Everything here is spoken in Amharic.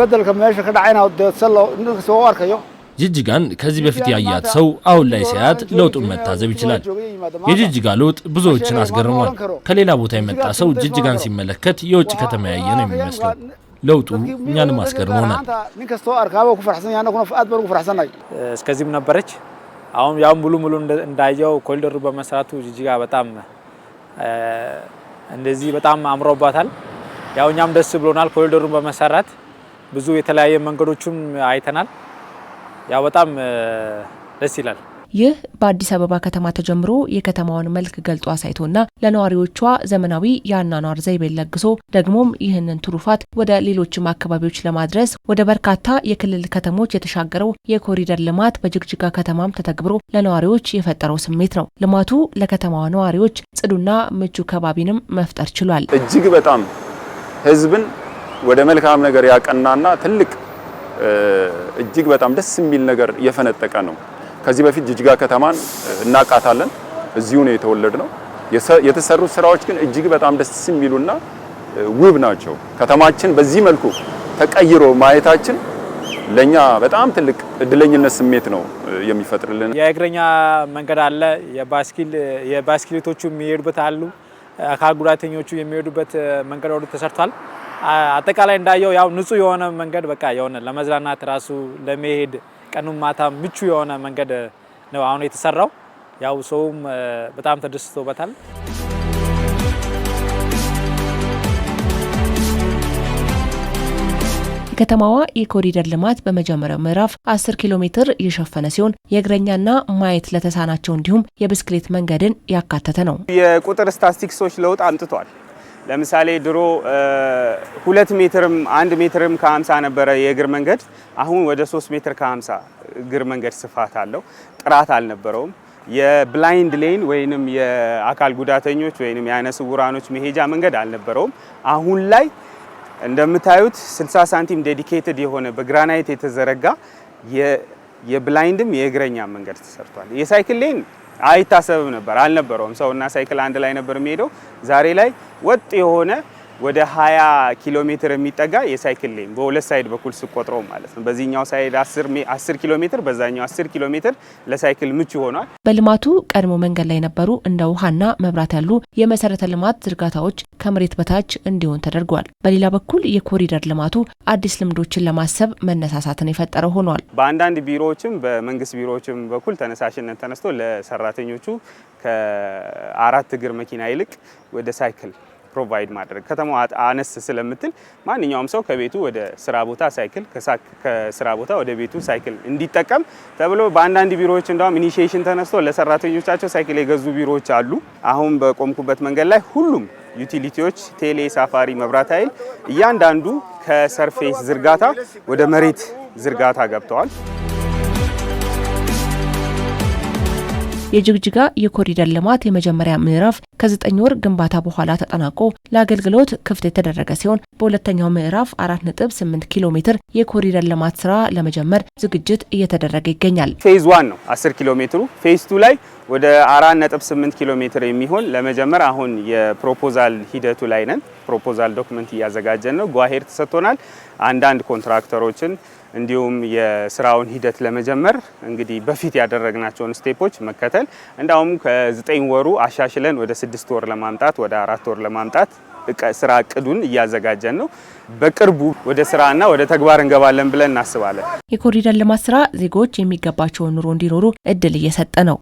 isbeddelka meesha ka dhacayna dee se ጅጅጋን ከዚህ በፊት ያያት ሰው አሁን ላይ ሲያያት ለውጡን መታዘብ ይችላል። የጅጅጋ ለውጥ ብዙዎችን አስገርሟል። ከሌላ ቦታ የመጣ ሰው ጅጅጋን ሲመለከት የውጭ ከተማ ያየ ነው የሚመስለው። ለውጡ እኛንም አስገርሞናል። እስከዚህም ነበረች። አሁን ያው ሙሉ ሙሉ እንዳየው ኮሪደሩ በመስራቱ ጅጅጋ በጣም እንደዚህ በጣም አምሮባታል። ያው እኛም ደስ ብሎናል ኮሪደሩን በመሰራት ብዙ የተለያየ መንገዶችም አይተናል። ያው በጣም ደስ ይላል። ይህ በአዲስ አበባ ከተማ ተጀምሮ የከተማዋን መልክ ገልጦ አሳይቶና ለነዋሪዎቿ ዘመናዊ የአኗኗር ዘይቤ ለግሶ ደግሞም ይህንን ትሩፋት ወደ ሌሎችም አካባቢዎች ለማድረስ ወደ በርካታ የክልል ከተሞች የተሻገረው የኮሪደር ልማት በጅግጅጋ ከተማም ተተግብሮ ለነዋሪዎች የፈጠረው ስሜት ነው። ልማቱ ለከተማዋ ነዋሪዎች ጽዱና ምቹ ከባቢንም መፍጠር ችሏል። እጅግ በጣም ህዝብን ወደ መልካም ነገር ያቀናና ትልቅ እጅግ በጣም ደስ የሚል ነገር እየፈነጠቀ ነው። ከዚህ በፊት ጅጅጋ ከተማን እናቃታለን። እዚሁ ነው ነው። የተሰሩ ስራዎች ግን እጅግ በጣም ደስ የሚሉና ውብ ናቸው። ከተማችን በዚህ መልኩ ተቀይሮ ማየታችን ለኛ በጣም ትልቅ እድለኝነት ስሜት ነው የሚፈጥርልን። የእግረኛ መንገድ አለ፣ የባስኪል የባስኪሌቶቹ የሚሄዱበት አሉ፣ አካል ጉዳተኞቹ የሚሄዱበት መንገድ ተሰርቷል። አጠቃላይ እንዳየው ያው ንጹህ የሆነ መንገድ በቃ የሆነ ለመዝናናት ራሱ ለመሄድ ቀኑን ማታ ምቹ የሆነ መንገድ ነው አሁን የተሰራው። ያው ሰውም በጣም ተደስቶበታል። የከተማዋ የኮሪደር ልማት በመጀመሪያው ምዕራፍ 10 ኪሎ ሜትር የሸፈነ ሲሆን የእግረኛና ማየት ለተሳናቸው እንዲሁም የብስክሌት መንገድን ያካተተ ነው። የቁጥር ስታስቲክሶች ለውጥ አምጥቷል። ለምሳሌ ድሮ ሁለት ሜትርም አንድ ሜትርም ከ50 ነበረ የእግር መንገድ። አሁን ወደ 3 ሜትር ከ50 እግር መንገድ ስፋት አለው። ጥራት አልነበረውም። የብላይንድ ሌን ወይንም የአካል ጉዳተኞች ወይንም የአይነ ስውራኖች መሄጃ መንገድ አልነበረውም። አሁን ላይ እንደምታዩት 60 ሳንቲም ዴዲኬትድ የሆነ በግራናይት የተዘረጋ የብላይንድም የእግረኛ መንገድ ተሰርቷል። የሳይክል ሌን አይታሰብም ነበር፣ አልነበረውም። ሰውና ሳይክል አንድ ላይ ነበር የሚሄደው። ዛሬ ላይ ወጥ የሆነ ወደ 20 ኪሎ ሜትር የሚጠጋ የሳይክል ሌን በሁለት ሳይድ በኩል ስቆጥረው ማለት ነው። በዚህኛው ሳይድ 10 ኪሎ ሜትር፣ በዛኛው 10 ኪሎ ሜትር ለሳይክል ምቹ ሆኗል። በልማቱ ቀድሞ መንገድ ላይ የነበሩ እንደ ውሃና መብራት ያሉ የመሰረተ ልማት ዝርጋታዎች ከመሬት በታች እንዲሆን ተደርጓል። በሌላ በኩል የኮሪደር ልማቱ አዲስ ልምዶችን ለማሰብ መነሳሳትን የፈጠረ ሆኗል። በአንዳንድ ቢሮዎችም በመንግስት ቢሮዎችም በኩል ተነሳሽነት ተነስቶ ለሰራተኞቹ ከአራት እግር መኪና ይልቅ ወደ ሳይክል ፕሮቫይድ ማድረግ ከተማዋ አነስ ስለምትል ማንኛውም ሰው ከቤቱ ወደ ስራ ቦታ ሳይክል ከስራ ቦታ ወደ ቤቱ ሳይክል እንዲጠቀም ተብሎ በአንዳንድ ቢሮዎች እንደውም ኢኒሽሽን ተነስቶ ለሰራተኞቻቸው ሳይክል የገዙ ቢሮዎች አሉ። አሁን በቆምኩበት መንገድ ላይ ሁሉም ዩቲሊቲዎች፣ ቴሌ፣ ሳፋሪ፣ መብራት ኃይል እያንዳንዱ ከሰርፌስ ዝርጋታ ወደ መሬት ዝርጋታ ገብተዋል። የጅግጅጋ የኮሪደር ልማት የመጀመሪያ ምዕራፍ ከዘጠኝ ወር ግንባታ በኋላ ተጠናቆ ለአገልግሎት ክፍት የተደረገ ሲሆን በሁለተኛው ምዕራፍ አራት ነጥብ ስምንት ኪሎ ሜትር የኮሪደር ልማት ስራ ለመጀመር ዝግጅት እየተደረገ ይገኛል። ፌዝ ዋን ነው 10 ኪሎ ሜትሩ። ፌዝ ቱ ላይ ወደ 4.8 ኪሎ ሜትር የሚሆን ለመጀመር አሁን የፕሮፖዛል ሂደቱ ላይ ነን። ፕሮፖዛል ዶክመንት እያዘጋጀን ነው። ጓሄር ተሰጥቶናል። አንዳንድ ኮንትራክተሮችን እንዲሁም የስራውን ሂደት ለመጀመር እንግዲህ በፊት ያደረግናቸውን ስቴፖች መከተል እንዳውም ከዘጠኝ ወሩ አሻሽለን ወደ ስድስት ወር ለማምጣት ወደ አራት ወር ለማምጣት ስራ እቅዱን እያዘጋጀን ነው። በቅርቡ ወደ ስራና ወደ ተግባር እንገባለን ብለን እናስባለን። የኮሪደር ልማት ስራ ዜጎች የሚገባቸውን ኑሮ እንዲኖሩ እድል እየሰጠ ነው።